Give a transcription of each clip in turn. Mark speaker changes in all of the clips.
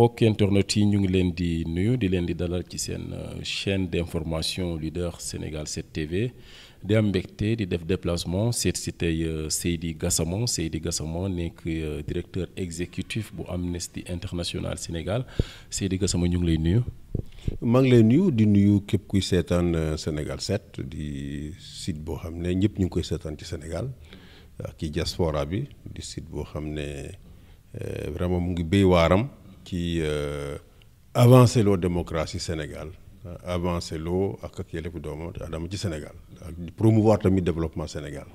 Speaker 1: mbokk internet yi ñu ngi leen di nuyu di leen di dalal ci seen euh, chaîne d'information leader Sénégal 7 TV di am mbégte di def déplacement seet si tey euh, Seydi Gassama Seydi Gassama nekk euh, directeur exécutif bu Amnesty International Sénégal Seydi Gassama ñu ngi lay nuyu. maa
Speaker 2: ngi lay nuyu di nuyu képp kuy seetaan Sénégal set di site boo xam ne ñëpp ñu ngi koy seetaan ci Sénégal ak ci diaspora bi di site boo xam ne vraiment mu ngi béy waaram. ci euh, avancé loo démocratie Sénégal avancé loo ak ak yelleefu doomu aadama ci Sénégal ak promouvoir tamit développement Sénégal.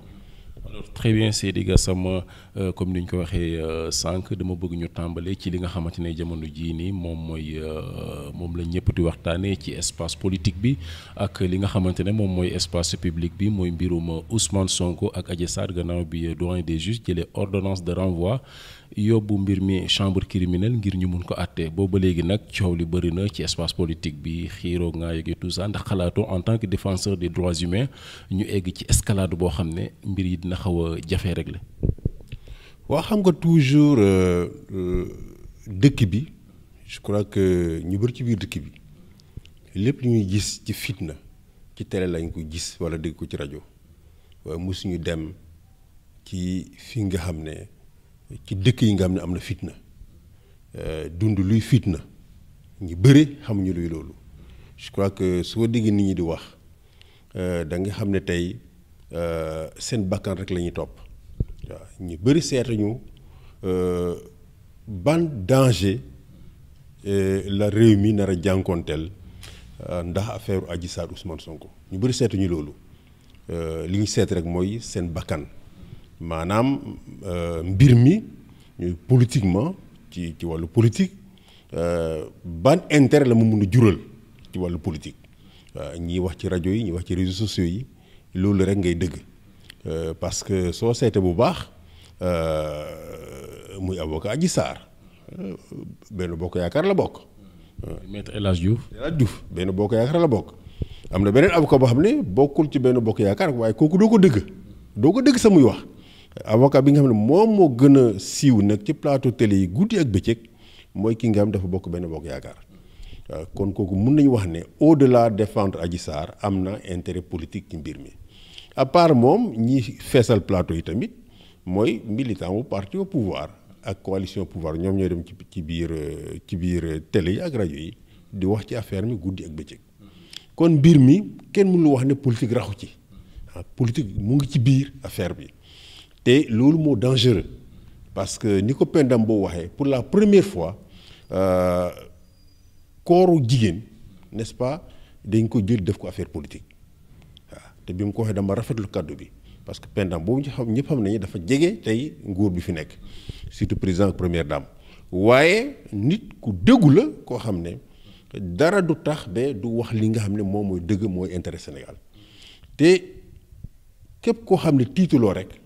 Speaker 2: alors
Speaker 1: très bien Seydi Gassama euh, comme ni ñu ko waxee euh, sànq dama bëgg ñu tàmbale ci li nga xamante ne jamono jii nii moom mooy moom la ñëpp di waxtaanee ci espace politique bi ak li nga xamante ne moom mooy espace publique bi mooy mbirum Ousmane sonk ak Adji Sarr bi doyen des juges jëlee ordonnance de renvoi. yóbbu mbir mi chambre criminelle ngir ñu mun ko àtte booba léegi nag coow li bëri na ci espace politique bi xiiroo ngaa yeeg tout ça ndax xalaatoo en tant que défenseur des droits humains ñu egg ci escalade boo xam ne mbir yi dina xaw a jafee régler.
Speaker 2: waa xam nga toujours euh, euh, dëkk bi je crois que ñu bëri ci biir dëkk bi lépp lu ñuy gis ci fitna ci télé lañ ko gis wala dégg ko ci rajo waaye mosuñu dem ci fi nga xam ne. ci dëkk yi nga xam ne am na fit fitna euh, dund luy na ñi bëri xamuñu luy loolu je crois que soo déggee nit ñi di wax euh, da nga xam ne tey euh, seen bakkan rek lañuy topp waa ñi bëri seetuñu ban danger la réew mi nar a jànkoonteel ndax affaire Adji Sarr Ousmane Sonko ñu bëri seetuñu loolu li ñu seet rek mooy seen bakkan. maanaam euh, mbir mi politiquement ci ci wàllu politique euh, ban intérêt la mu mun a jural ci wàllu politique euh, ñiy wax ci rajo yi ñiy wax ci réseaux sociaux yi loolu rek ngay dëgg parce que soo seetee bu baax muy avocat Adji Sarr benn bokk yaakaar la bokk. maître El Hadj Diouf. El Hadj Diouf benn bokk yaakaar la bokk. am na beneen avocat boo xam ne bokkul ci benn bokk yaakaar waaye kooku doo ko dëgg doo ko dëgg sa muy wax. avocat bi nga xam ne moom moo gën a siiw nag ci plateau télé yi guddi ak bëccëg mooy ki nga xam dafa bokk benn bokk yaakaar euh, kon kooku mun nañu wax ne au delà défendre Adji Sarr am na intérêt politique ci mbir mi à part moom ñi feesal plateau yi tamit mooy militant wu parti au pouvoir ak coalition au pouvoir ñoom ñoo dem ci ci biir euh, ci biir télé yi ak rajo yi di wax ci affaire mi guddi ak bëccëg kon mbir mi kenn mënul wax ne politique raxu ci ah, politique mu ngi ci biir affaire bi. te loolu moo dangereux parce que ni ko pendam boo waxee pour la première fois euh, kooru jigéen n'est-ce pas dañ ko jël def ko affaire politique waaw te bi mu ko waxee dama rafetlu kàddu bi parce que pendam boobu ñu xam ñëpp xam nañu dafa jege tey nguur bi fi nekk surtout président première dame waaye nit ku dëggu la koo xam ne dara du tax ba du wax li nga xam ne moom mooy dëgg mooy intérêt Sénégal te képp koo xam ne tiituloo rek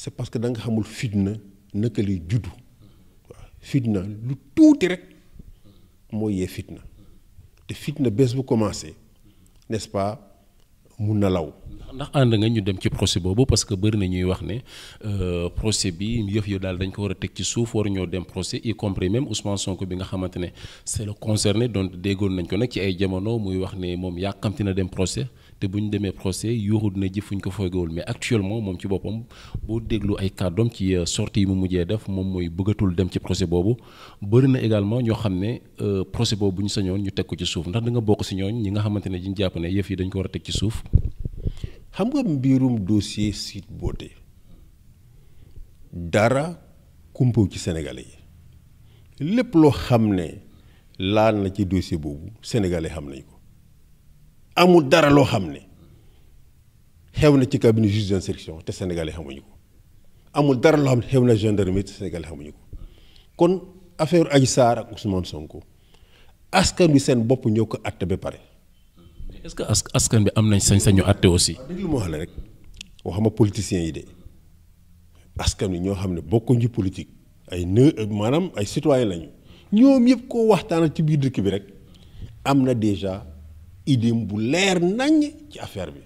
Speaker 2: c'est parce que danga nga xamul fitna naka lay juddu waaw fitna lu tuuti rek moo yee fitna te fitna bés bu commencé n'est-ce pas mun na law.
Speaker 1: ndax ànd nga ñu dem ci procès boobu parce que bëri na ñuy wax ne euh, procès bi yëf yu daal dañ ko war a teg ci suuf war ñoo dem procès y compris même Ousmane Sonko bi nga xamante ne c'est le concerné donc déggoon nañ ko nag ci ay jamono muy wax ne moom yàkkamti na dem procès. te bu ñu demee procès yuuxu dina jëf fu ñu ko foogewul mais actuellement moom ci boppam boo déglu ay kàddoom ci euh, sorti yi mu mujjee def moom mooy bëggatul dem ci procès boobu bëri na également ñoo xam ne euh, procès boobu bu ñu sañoon ñu teg ko ci suuf ndax da nga bokk si ñooñ ñi nga xamante ne ñu jàpp ne yëf yi dañ ko war a teg ci suuf.
Speaker 2: xam nga mbirum dossier Sweet Beauté dara kumpaw ci Sénégalais yi lépp loo xam ne laal na ci dossier boobu sénégalais xam nañ ko. amul dara loo xam ne xew na ci cabinet juge d'instruction te sénégalais xamuñu ko amul dara loo xam ne xew na gendarmerie te sénégalais xamuñu ko kon affaire Adji Sarr ak Ousmane Sonko askan wi seen bopp ñëw ko àtte ba pare. est-ce que askan bi am nañ sañ-sañu àtte aussi. dégg lu ma wax la rek waxuma politiciens yi de askan wi ñoo xam ne bokkuñ ci politique ay ne maanaam ay citoyens lañu ñoom yëpp koo waxtaanal ci biir dëkk bi rek am na déjà. idéem bu leer naññ ci affaire bi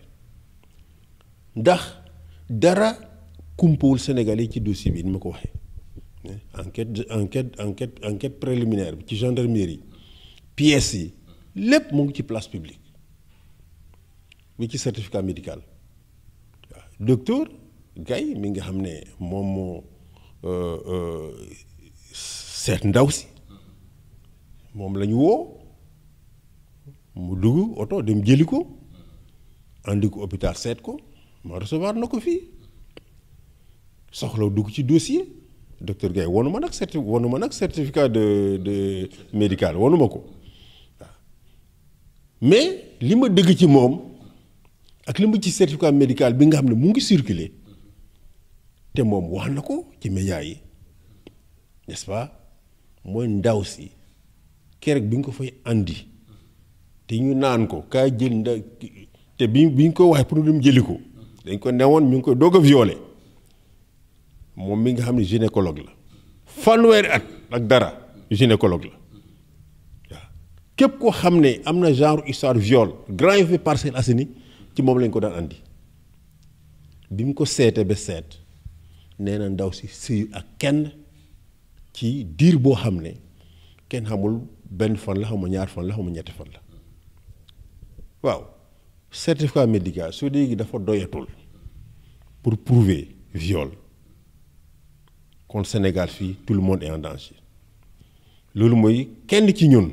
Speaker 2: ndax dara kumpawul Sénégal yi ci dossier bi ni ma ko waxee eh, enquête enquête enquête enquête préliminaire bi ci gendarmerie pièces yi lépp mu ngi ci place publique bi ci certificat médical waaw gay Gaye mi nga xam ne moom moo seet euh, euh, ndaw si moom lañu woo mu dugg oto dem jëli ko andi ko hôpital seet ko ma recevoir na ko fii soxlaw dugg ci dossier docteur Gaye wonu man nag certi wonu ma nag certificat de de médical wonu ma ko mais li ma dëgg ci moom ak li ma ci certificat médical bi nga xam ne mu ngi circuler te moom wax na ko ci médias yi n'est-ce pas mooy ndaw si keroog bi nga ko fay indi te ñu naan ko kaa jël nda te bi bi ñu ko waxee pour ñu jëli ko dañ ko newoon ñu ngi koy doog a violé moom mi nga xam ne gynécologue la fanweeri at ak dara gynécologue la képp koo xam ne am na genre histoire viol grand yu fi Parcelles ci moom lañ ko daan andi bi mu ko seete ba seet nee ndaw si sëy ak kenn ci diir boo xam ne kenn xamul benn fan la xamuma ñaar fan la xamuma ñetti fan la waaw certificat médical su léegi dafa doyatul pour prouver viol kon Sénégal fii tout le monde est en danger loolu mooy kenn ci ñun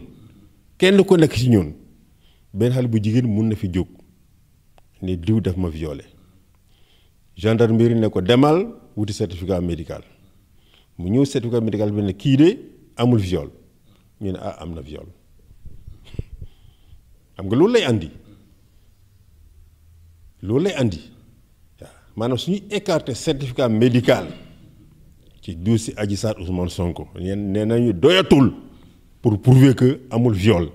Speaker 2: kenn ku nekk ci ñun benn xale bu jigéen mun na fi jóg ni diw daf ma violé gendarmerie ne ko demal wuti certificat médical mu ñëw certificat médical bi ne kii de amul viol ñu ne ah am na viol xam nga loolu lay andi loolu lay andi waaw maanaam su ñu écarté certificat médical ci dossier Adji Sarr Ousmane Sonko ñeen nee nañu doyatul pour prouver que amul viol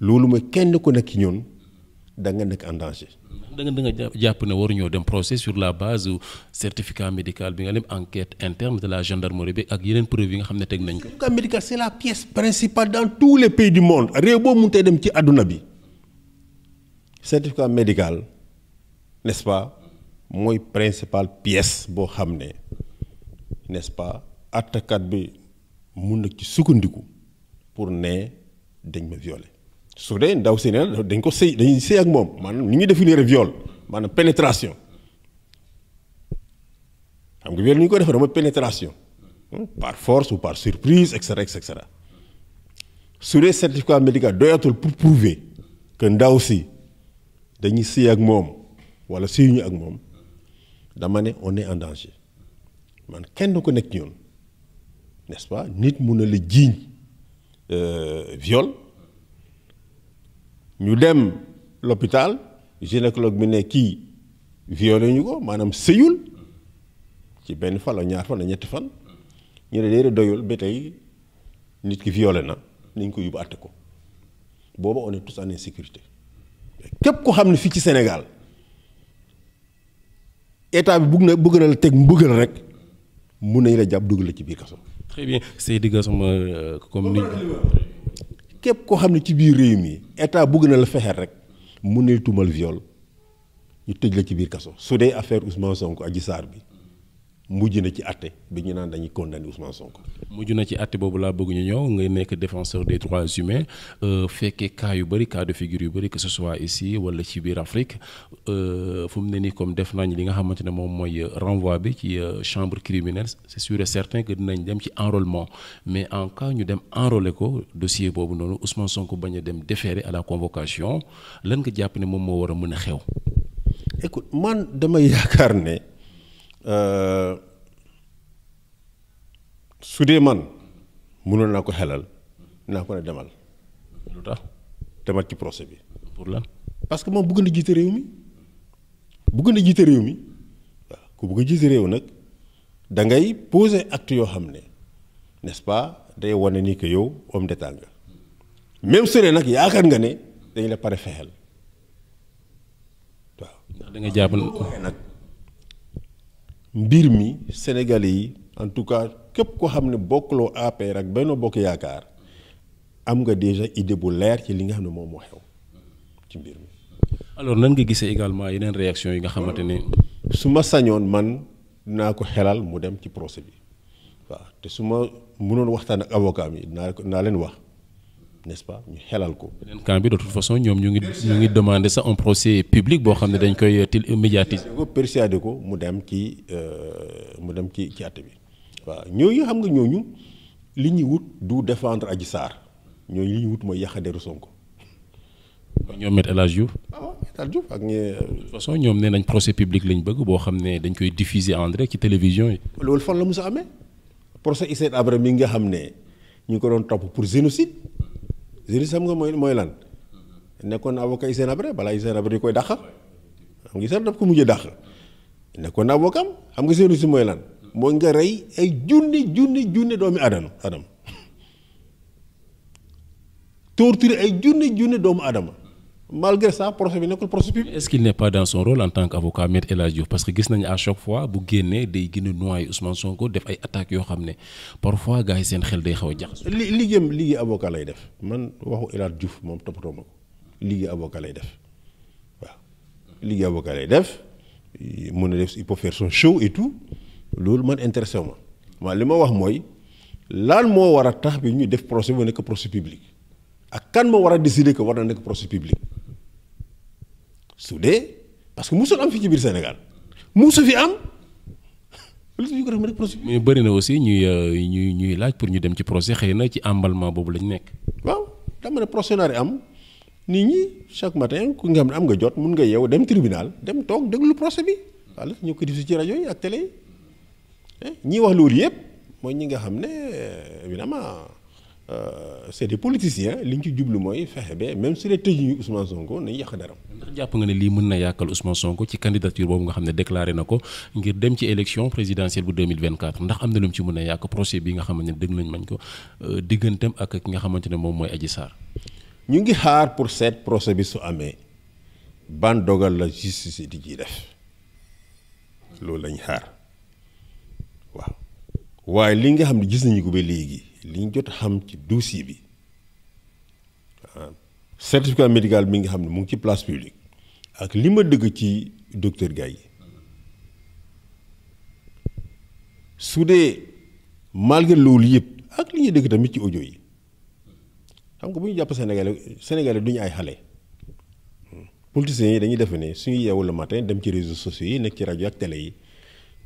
Speaker 2: loolu mooy kenn ku nekk ci ñoon da nga nekk en danger.
Speaker 1: da nga da nga jàpp ne waruñoo dem procès sur la base du certificat médical bi nga dem enquête interne de la
Speaker 2: gendarmerie bi ak yeneen preuve yi nga xam ne teg nañ ko. certificat médical c'est la pièce principale dans tous les pays du monde réew boo mënutee dem ci àdduna bi certificat médical nest pas mooy principale pièce boo xam ne n'est-ce pas attakat bi mun na ci sukkandiku pour ne dañ ma violer. su dee ndaw si ne dañ ko sëy dañuy sëy ak moom maanaam ni ñuy définir viol maanaam pénétration xam nga viol ni ñu ko defee dama pénétration hmm? par force ou par surprise et cetera et cetera su dee certificat médical doyatul pour prouver que ndaw si dañuy sëy ak moom wala sëyuñu ak moom dama ne on est en danger man kenn ko nekk ñoon n'est-ce pas nit mun na la jiiñ euh, viol ñu dem loppitaal gynécologue bi ne kii violé ñu ko maanaam sëyul ci benn falo ñaar fan ñetti fan ñu ne déedéet doyul ba tey nit ki violé na nañ ko yóbbu àtte ko booba on est tous en képp ko xam ne fii ci Sénégal état bi bugg na bugg na la teg mbëggal rek mun nañ la jàpp dugal la ci biir kaso.
Speaker 1: très bien Seydi Gassama euh, comme ni.
Speaker 2: képp koo xam ne ci biir réew mi état bugg na la fexeel rek mu ne tuumal viol ñu tëj la ci biir kaso su dee affaire Ousmane Sonko Adji saar bi mujj na ci àtte bi ñu naan dañuy condamné Ousmane Sonko.
Speaker 1: mujj na ci àtte boobu laa bëgg ñu ñëw ngay nekk défenseur des droits humains euh, fekkee cas yu bëri cas de figure yu bëri que ce soit ici wala ci biir Afrique euh, fu ne nii comme def nañ li nga xamante ne moom mooy renvoi bi ci euh, c' est sûr et certain que dinañ dem ci enrôlement mais en cas ñu dem enrôler ko dossier boobu noonu Ousmane sonk bañ a dem déféré à la convocation lan nga jàpp ne moom moo war a mën a xew.
Speaker 2: écoute man damay yaakaar ne. Euh, su dee man mënoon naa ko xelal naa ko ne demal. lu tax demal ci procès bi. pour lan parce que moom bugg na jiite réew mi bëgg na jiite réew mi waaw ku bugg a jiite réew nag da ngay poser acte yoo xam ne n'est-ce pas day wane ni que yow homme d'état nga même su dee nag yaakaar nga ne dañ la pare fexeel waaw. ndax da nga jàpp nag. mbir mi Sénégalais yi en tout cas képp ko xam ne bokkuloo APR ak benn Bokk Yaakaar am nga déjà idée bu leer ci li nga xam ne moom moo xew ci mbir mi.
Speaker 1: alors nan nga gisee également yeneen réaction yi
Speaker 2: nga xamante ne. su ma sañoon man naa ko xelal mu dem ci procès bi waaw te su ma mënoon waxtaan ak avocat bi naa naa leen wax. n'est-ce pas ñu xelal ko.
Speaker 1: beneen camp bi de façon ñoom ñu ngi ñu ngi demander sax un procès public boo xam ne dañ koy euh, til
Speaker 2: médiatiser. ko persuadé ko mu dem ci euh, mu dem ci ci bi waaw ñooñu xam nga ñooñu li ñuy wut du défendre Adji Sarr ñooñu li ñuy wut mooy yàq deru Sonko.
Speaker 1: ñoom Me El Hadji Diouf. Ah
Speaker 2: waaw ak ñi. Euh,
Speaker 1: façon ñoom nee nañ procès public lañ bëgg boo xam ne dañ koy diffuse en ci télévision yi.
Speaker 2: loolu fan la mos a amee procès Hissène Habré mi nga xam ne ñu ngi ko doon topp pour génocide. juris sam nga mooy mooy lan nekkoon avocat Hissène Habré balaa Hissène Habré di koy dàq xam nga Hissène daf ko mujjee dàq nekkoon avocat am xam nga seen si mooy lan mooy nga rey ay junni junni junni doomi aadama aadama torturer ay junni junni doomu aadama malgré ça procès bi nekkul procès public.
Speaker 1: est-ce qu'il n'est pas dans son rôle en tant qu'avocat maître El Hadj Diouf parce que gis nañu à chaque fois bu génnee day gën a noyyi Ousmane Sonko def ay attaques yoo xam
Speaker 2: ne parfois gars yi seen xel day xaw a jaxas. li liggéeyam liggéey avocat lay def man waxu El Hadj Diouf moom toppatoo ma ko liggéey avocat lay def waaw liggéey avocat lay def mun na def il peut faire son show et loolu man intéressé ma maa li ma wax mooy lan moo war a tax bi ñu def procès bu nekk procès public ak kan moo war a décider que war na nekk procès su dee parce que musul am fii ci biir Sénégal musu fi am.
Speaker 1: mais bëri na aussi ñuy euh, ñuy ñuy laaj pour ñu dem ci procès xëy na ci emballement boobu lañ nekk.
Speaker 2: waaw dama ne procès yi am nit ñi chaque matin ku nga xam ne am nga jot mun nga yeewu dem tribunal dem toog déglu procès bi wala ñu ko diffusé ci rajo yi ak télé yi eh, ñi wax loolu yëpp mooy ñi nga xam ne euh, évidemment Euh, c'est des politiciens li ñu ci jublu mooy fexe ba même su dee tëjuñu Ousmane Sonko nañ yàq dara.
Speaker 1: ndax jàpp nga ne lii mën na yàqal Ousmane Sonko ci candidature boobu nga xam ne déclaré na ko ngir dem ci élection présidentielle bu 2024 ndax am na lu mu ci mën a yàq procès bi nga xamante ne dëgg nañ mañ ko euh, digganteem ak ki nga xamante ne moom mooy Adji saar
Speaker 2: ñu ngi xaar pour seet procès bi su amee ban dogal la justice di ciy def loolu lañu xaar waaw waaye li nga xam gis nañu ko ba léegi. li ñu jot xam ci dossier bi ah, certificat médical bi nga xam ne mu ngi ci place publique ak li ma dëgg ci docteur Gaye su dee malgré loolu yëpp ak li ñuy dëgg tamit ci audio yi xam nga bu ñu jàpp Sénégalais Sénégalais du ñu ay xale. politiciens yi dañuy defe ne suñu yeewu la matin dem ci réseau sociaux yi nekk ci rajo ak télé yi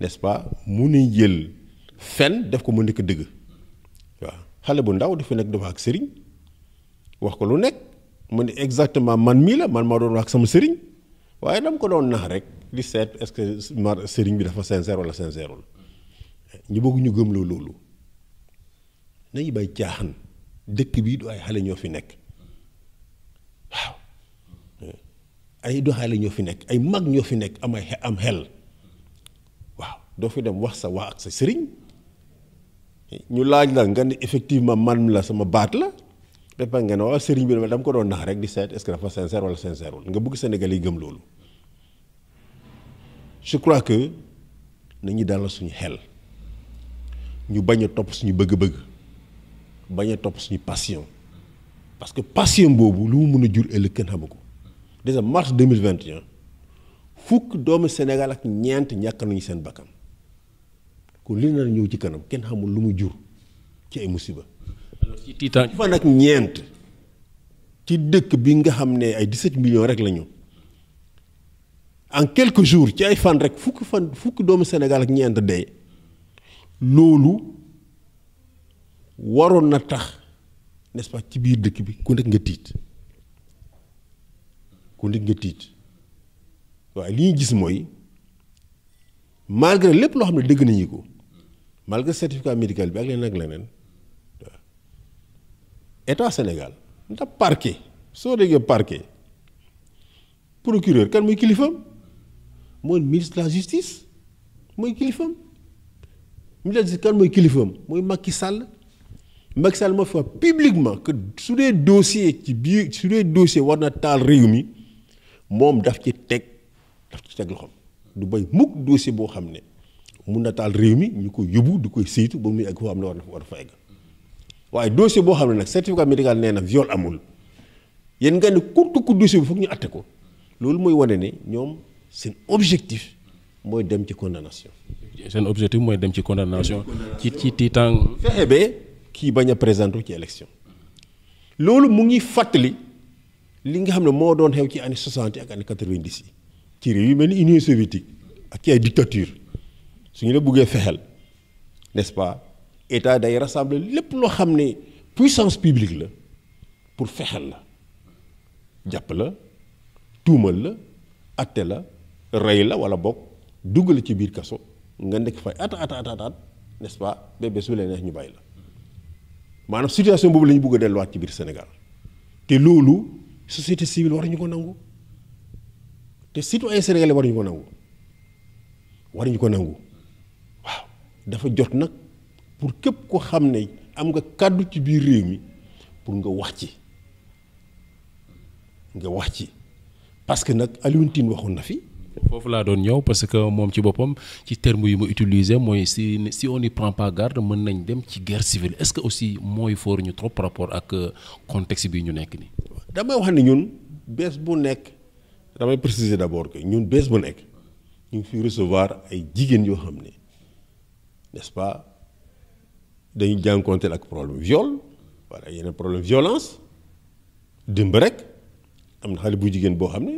Speaker 2: n'est-ce pas mun nañ jël fen def ko mu nekk dëgg. xale bu ndaw dafa nekk dafa ak sëriñ wax ko lu nekk mu ne exactement man mii la man maa doon wax ak sama sëriñ waaye dama ko doon nax rek di seet est-ce que ma sëriñ bi dafa sincère wala sincère wul ñu bëgg ñu gëmloo loolu nañu bay caaxaan dëkk bii du ay xale ñoo fi nekk waaw ay du xale ñoo fi nekk ay mag ñoo fi nekk am ay am xel waaw doo fi dem wax sa waa ak sa sëriñ. ñu laaj la nga ni effectivement man la sama baat la dépend nga ne waaw sëriñ bi dama ko doon nax rek di seet est-ce que dafa sincère wala sincère wul nga bëgg Sénégal yi gëm loolu je crois que nañu dalal suñu xel ñu bañ a topp suñu bëgg-bëgg bañ a topp suñu passion parce que passion boobu lu mu mën a jur ëllëg kenn xamu ko déjà mars 2021 fukk doomu Sénégal ak ñeent ñàkk nañu seen bakkan kon li nar ñëw ci kanam kenn xamul lu mu jur ci ay musiba. alors ci tiitaan fan ak ñeent ci dëkk bi nga xam ne ay 17 millions rek la en quelque jours ci ay fan rek fukki fan fukki doomu senegal ak ñeent de loolu waroon na tax nest ci biir dëkk bi ku nekk nga tiit ku nekk nga tiit waaye li ñu gis mooy malgré lépp loo xam ne dëgg nañu ko. malgré certificat médical bi ak leneen ak leneen état Sénégal ndax parquet soo déggee parquet procureur kan mooy kilifam mooy ministre de la justice mooy kilifam ministre de moo fi publiquement que su dee dossier ci biir su dee dossier war na taal réew mi moom daf ci teg daf ci teg loxoom du bay mukk dossier boo xam ne. mun na taal réew mi ñu ko yóbbu di koy saytu ba muy egg foo xam ne war na fa egg waaye dossier boo xam ne nag certificat médical nee na viol amul yéen nga ne kurtu ku dossier bi foog ñu atte ko loolu mooy wane ne ñoom seen objectif mooy dem ci condamnation.
Speaker 1: seen objectif mooy dem ci condamnation. ci ci
Speaker 2: tiitaan. fexe ba kii bañ a présenté ci élection loolu mu ngi fàttali li nga xam ne moo doon xew ci année 60 ak année 90 ci réew yu mel ni Union soviétique ak ci ay suñu la buggee fexeel n'est-ce pas état day rassembler lépp loo xam ne puissance publique la pour fexeel la jàpp la tuumal la atte la rey la wala bokk dugg la ci biir kaso nga nekk fa at at at at nest pas bébé su leen neex ñu bàyyi la maanaam situation boobu lañu ñu bëgg a delluwaat ci biir Sénégal te loolu société civile war ñu ko nangu te citoyen sénégalais war ñu ko nangu war ñu ko nangu. dafa jot nag pour képp ko xam ne am nga kàddu ci biir réew mi pour nga wax ci nga wax ci parce que nag Alioune Tine waxoon na fi.
Speaker 1: foofu laa doon ñëw parce que moom ci boppam ci terme yu mu utilisé mooy si si on n'y prend pas garde mën
Speaker 2: nañ dem ci guerre civile est-ce que aussi mooy foor ñu trop par rapport ak euh, contexte bi ñu nekk nii. damay wax ne ñun bees bu nekk damay préciser d'abord que ñun bés bu nekk ñu ngi fi recevoir ay jigéen yoo xam ne n'est-ce pas dañu jànkonteel ak problème viol voilà yeneen problème violence démb rek am na xale bu jigéen boo xam ne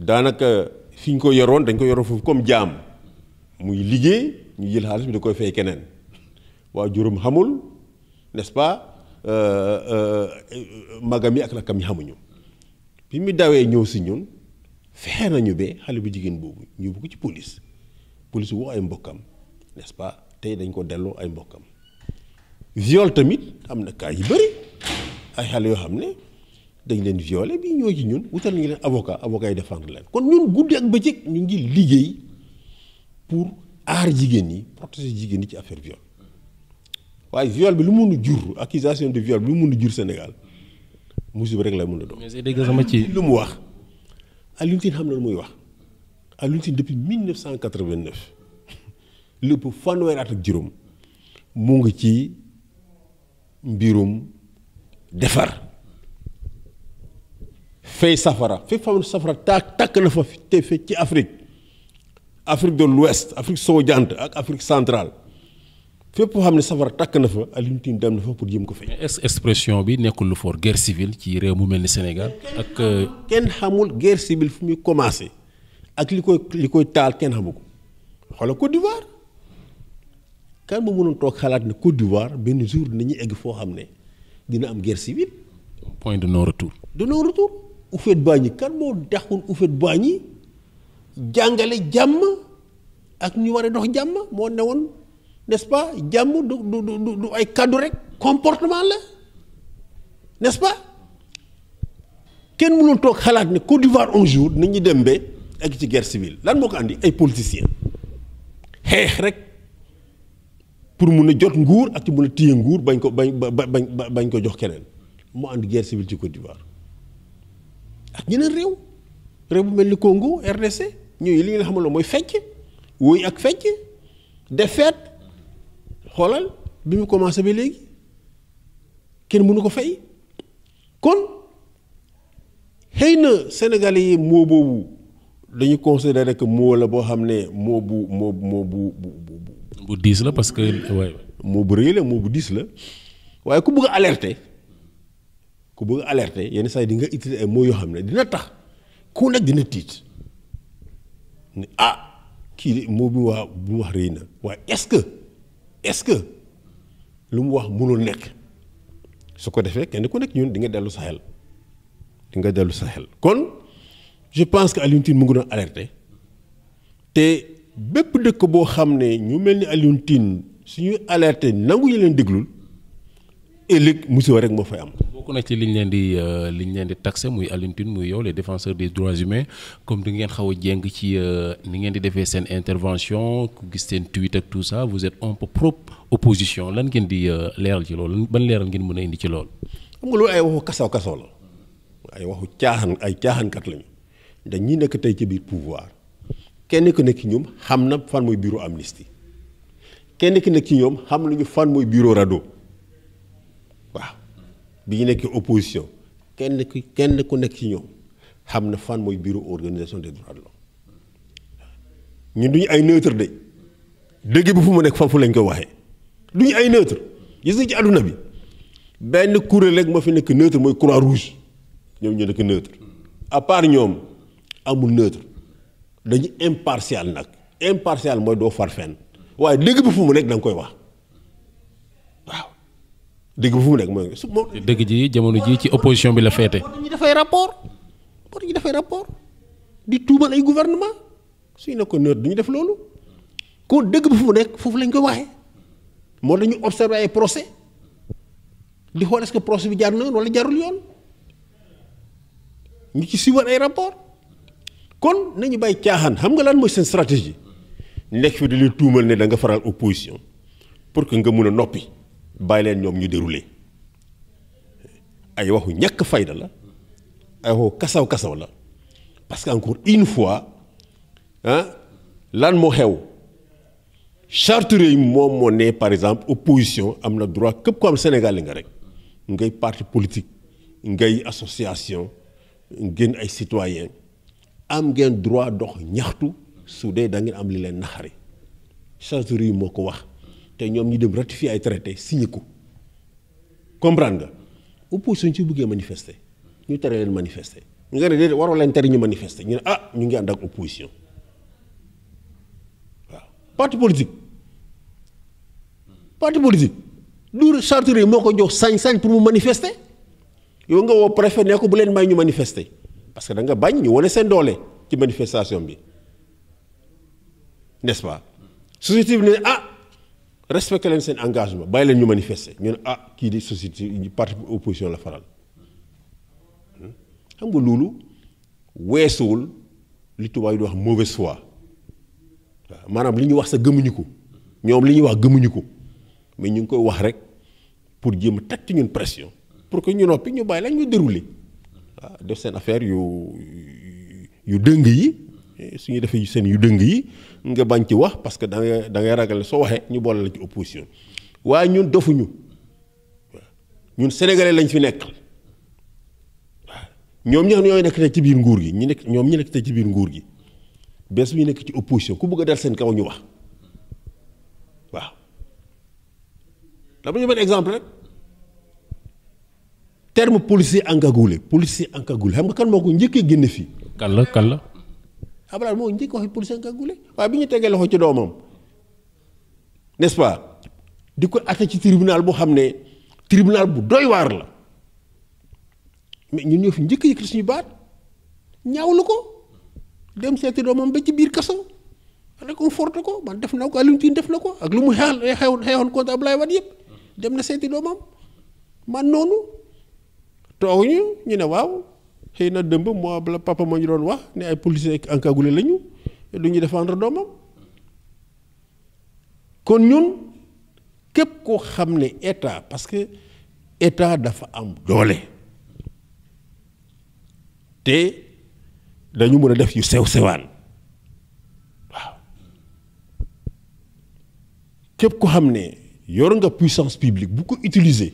Speaker 2: daanaka fi ñu ko yoroon dañ ko yoroon foofu comme jaam muy liggéey ñu jël xaalis bi da koy fay keneen waa juróom xamul n'est-ce pas euh, euh, magam yi ak rakkam yi xamuñu bi muy dawee ñëw si ñun fexe nañu ba xale bu jigéen boobu ñu bu ci police police woo ay mbokkam n'est-ce pas tey dañ ko delloo ay mbokkam viol tamit am na cas yu bëri ay xale yoo xam ne dañ leen violé bi ñoo ci ñun wutal nañu leen avocat avocat yi défendre leen kon ñun guddi ak bëccëg ñu ngi liggéey pour aar jigéen ñi protéger jigéen ñi ci affaire viol waaye viol bi lu mun a jur accusation de viol bi lu mun a jur Sénégal musiba rek la mun a doon. mais dégg sama ci lu mu wax Alioune Tine xam na lu muy wax Alioune Tine depuis 1989. lépp fanweeri at ak juróom mu ngi ci mbirum defar fay safara fi fam safara takk tàkk na fa te fe ci Afrique Afrique de l'Ouest Afrique sowu jant ak Afrique centrale fépp xam ne safara takk na fa Alioune Tine dem na fa pour jëm ko fay.
Speaker 1: expression bi nekkul lu fort guerre civile
Speaker 2: ci réew mu mel ni Sénégal ak. Euh, kenn xamul guerre civile fu muy commencé ak li koy li koy taal kenn xamu ko xoolal Côte d'Ivoire. kan moo mënul toog xalaat ne Côte d'Ivoire benn jour ñu egg foo xam ne dina am guerre civile. point de non retour. de non retour Houphouët-Boigny kan moo taxoon Houphouët-Boigny jàngale jàmm ak ñu war a dox jàmm moo ne woon n'est-ce pas jàmm du du du ay kàddu rek comportement la n'est-ce pas kenn mënul toog xalaat ne Côte d'Ivoire un jour dinañu dem be egg ci guerre civile lan moo ko andi ay politiciens xeex rek. pour mun a jot nguur ak ci mun a téye nguur bañ ko bañ ba bañ ko jox keneen moo ànd guerre civile ci Côte d'Ivoire ak ñeneen réew réew bu mel ni Congo RDC ñooñu li ñu la xamal mooy fecc woy ak fecc def feet xoolal bi mu commencé ba léegi kenn mënu ko fay kon xëy na sénégalais yi moo boobu dañu considéré que moo la boo xam ne moo bu moo moo bu
Speaker 1: bu diis la parce que waaye.
Speaker 2: moo bu rëy la moo bu diis la waaye ku bëgg alerte ku bëgg alerte alerter yenn saa yi di nga utiliser ay mots yoo xam ne dina tax ku nekk dina tiit ne ah kii moo bu waa bu mu wax rëy na waaye est-ce que est-ce que lu mu wax mënul nekk su ko defee kenn ku nekk ñun di nga dellu sa xel di nga dellu sa xel kon je pense que Alioune Tine mu te. bépp dëkk boo xam ne ñu mel ni Alioune Tine alerte alerté ñu leen déglul ëllëg musiba rek moo fay am.
Speaker 1: bokk na ci liñ leen di euh, liñ leen di taxé muy Alioune Tine muy yow lee défenseurs des droits humains comme di ngeen xaw a jéng ci euh, ni ngeen di defee seen intervention ku gis seen tweet ak tout ça vous êtes un peu propre opposition lan ngeen di euh, leeral ci loolu ban leeral ngeen mën a indi ci lool
Speaker 2: xam nga loolu ay waxu kasaw kasaw la ay waxu caaxaan ay caaxankat lañu dañ nekk tey ci biir pouvoir. kenn ki nekk ci ñoom xam na fan mooy bureau amnistie kenn ki nekk ci ñoom xam nañu fan mooy bureau rado waaw bi ñu nekkee opposition kenn ku kenn ku nekk ci ñoom xam na fan mooy bureau organisation des droits de l'homme ñun du ñu ay neutre de dëgg bi fu mu nekk fan fu lañ koy waxee du ñu ay neutre gis ci àdduna bi benn kuréel rek moo fi nekk neutre mooy croix rouge ñoom ñu nekk neutre à ñoom amul neutre. dañu impartial nag impartial mooy doo far fenn waaye dëgg bi fu mu nekk da koy wax waaw dëgg bi fu mu nekk mooy. su moom
Speaker 1: dëgg ji jamono ji ci opposition bi la féete.
Speaker 2: ñu dafay rapport bor ñu dafay rapport di tuubal ay gouvernement suñu ne ko def loolu kon dégg bi fu mu nekk foofu lañ koy waxee moo dañu observer ay procès di xool est que procès bi jaar na yoon wala jaarul yoon ñu ci siiwal ay rapport kon nañu bàyyi caaxaan xam nga lan mooy seen stratégie nekk fi di leen tuumal ne danga faral opposition pour que nga mun a noppi bàyyi leen ñoom ñu déroulé ay waxu ñàkk fayda la ay waxu kasaw kasaw la parce que une fois ah lan moo xew charte réew moom moo ne par exemple opposition am na droit képp ko am Sénégal li nga rek ngay parti politique ngay association ngeen ay citoyen am ngeen droit dox ñaxtu su dee da ngeen am li leen naxari chancellerie yi moo ko wax te ñoom ñu dem ratifier ay traité signé ko comprendre nga opposition ci buggee manifester ñu tere leen manifester nga ne déedéet waroo leen tere ñu manifester ñu ne ah ñu ngi ànd ak opposition waaw parti politique parti politique du chancellerie moo ko jox sañ-sañ pour mu manifester yow nga woo préfet ne ko bu leen may ñu manifester. parce que da nga bañ ñu wane seen doole ci manifestation bi n'est-ce pas société bi ne ah respecté leen seen engagement bàyyi leen ñu manifester ñu ne ah kii di société parti opposition la faral hmm? xam nga loolu weesuwul li tubaab yi di wax mauvaise foi waaw maanaam li ñuy wax sa gëmuñu ko ñoom li ñuy wax gëmuñu ko mais ñu ngi koy wax rek pour jéem a teg ci ñun pression pour que ñu noppi ñu bàyyi lañ ñu dérouler def seen affaire yu yu dëng yi su ñu defee seen yu dëng yi nga bañ ci wax parce que da ngay da ngay soo waxee ñu boole la ci opposition waaye ñun dofuñu ñun sénégalais lañ fi nekk waaw ñoom ñoo ñooy nekk tey ci biir nguur gi ñu nekk ñoom ñu nekk tey ci biir nguur gi bés bu ñu nekk ci opposition ku bëgg a dal seen kaw ñu wax waaw dama ñu benn exemple rek. terme policier encagoulé policier encagoulé xam nga kan moo ko njëkkee génne fii. kan la kan la. Abdoulaye moo njëkk waxi policier encagoulé waaye ñu tegee loxo ci doomam nest di ko atte ci tribunal boo xam ne tribunal bu doy waar la mais ñun ñoo fi njëkk yëkkati suñu baat ñaawlu ko dem seeti doomam ba ci biir kaso rek on forte ko man def na ko Alioune Tine def na ko ak lu mu xeexal xeexoon contre Abdoulaye Wade yépp dem na seeti doomam man noonu. tooguñu ñu ñu ne waaw xëy na dëmb moo la papa moo ñu doon wax ne ay policiers ak encagoulé lañu du ñu défendre doomam kon ñun képp koo xam ne état parce que état dafa am doole te dañu mën a def yu sew sewaan waaw képp ko xam ne yor nga puissance publique bu ko utiliser.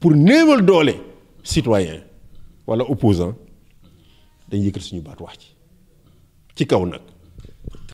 Speaker 2: pour néewal doole citoyen wala opposant dañ yëkkat suñu baat wax ci ci kaw nag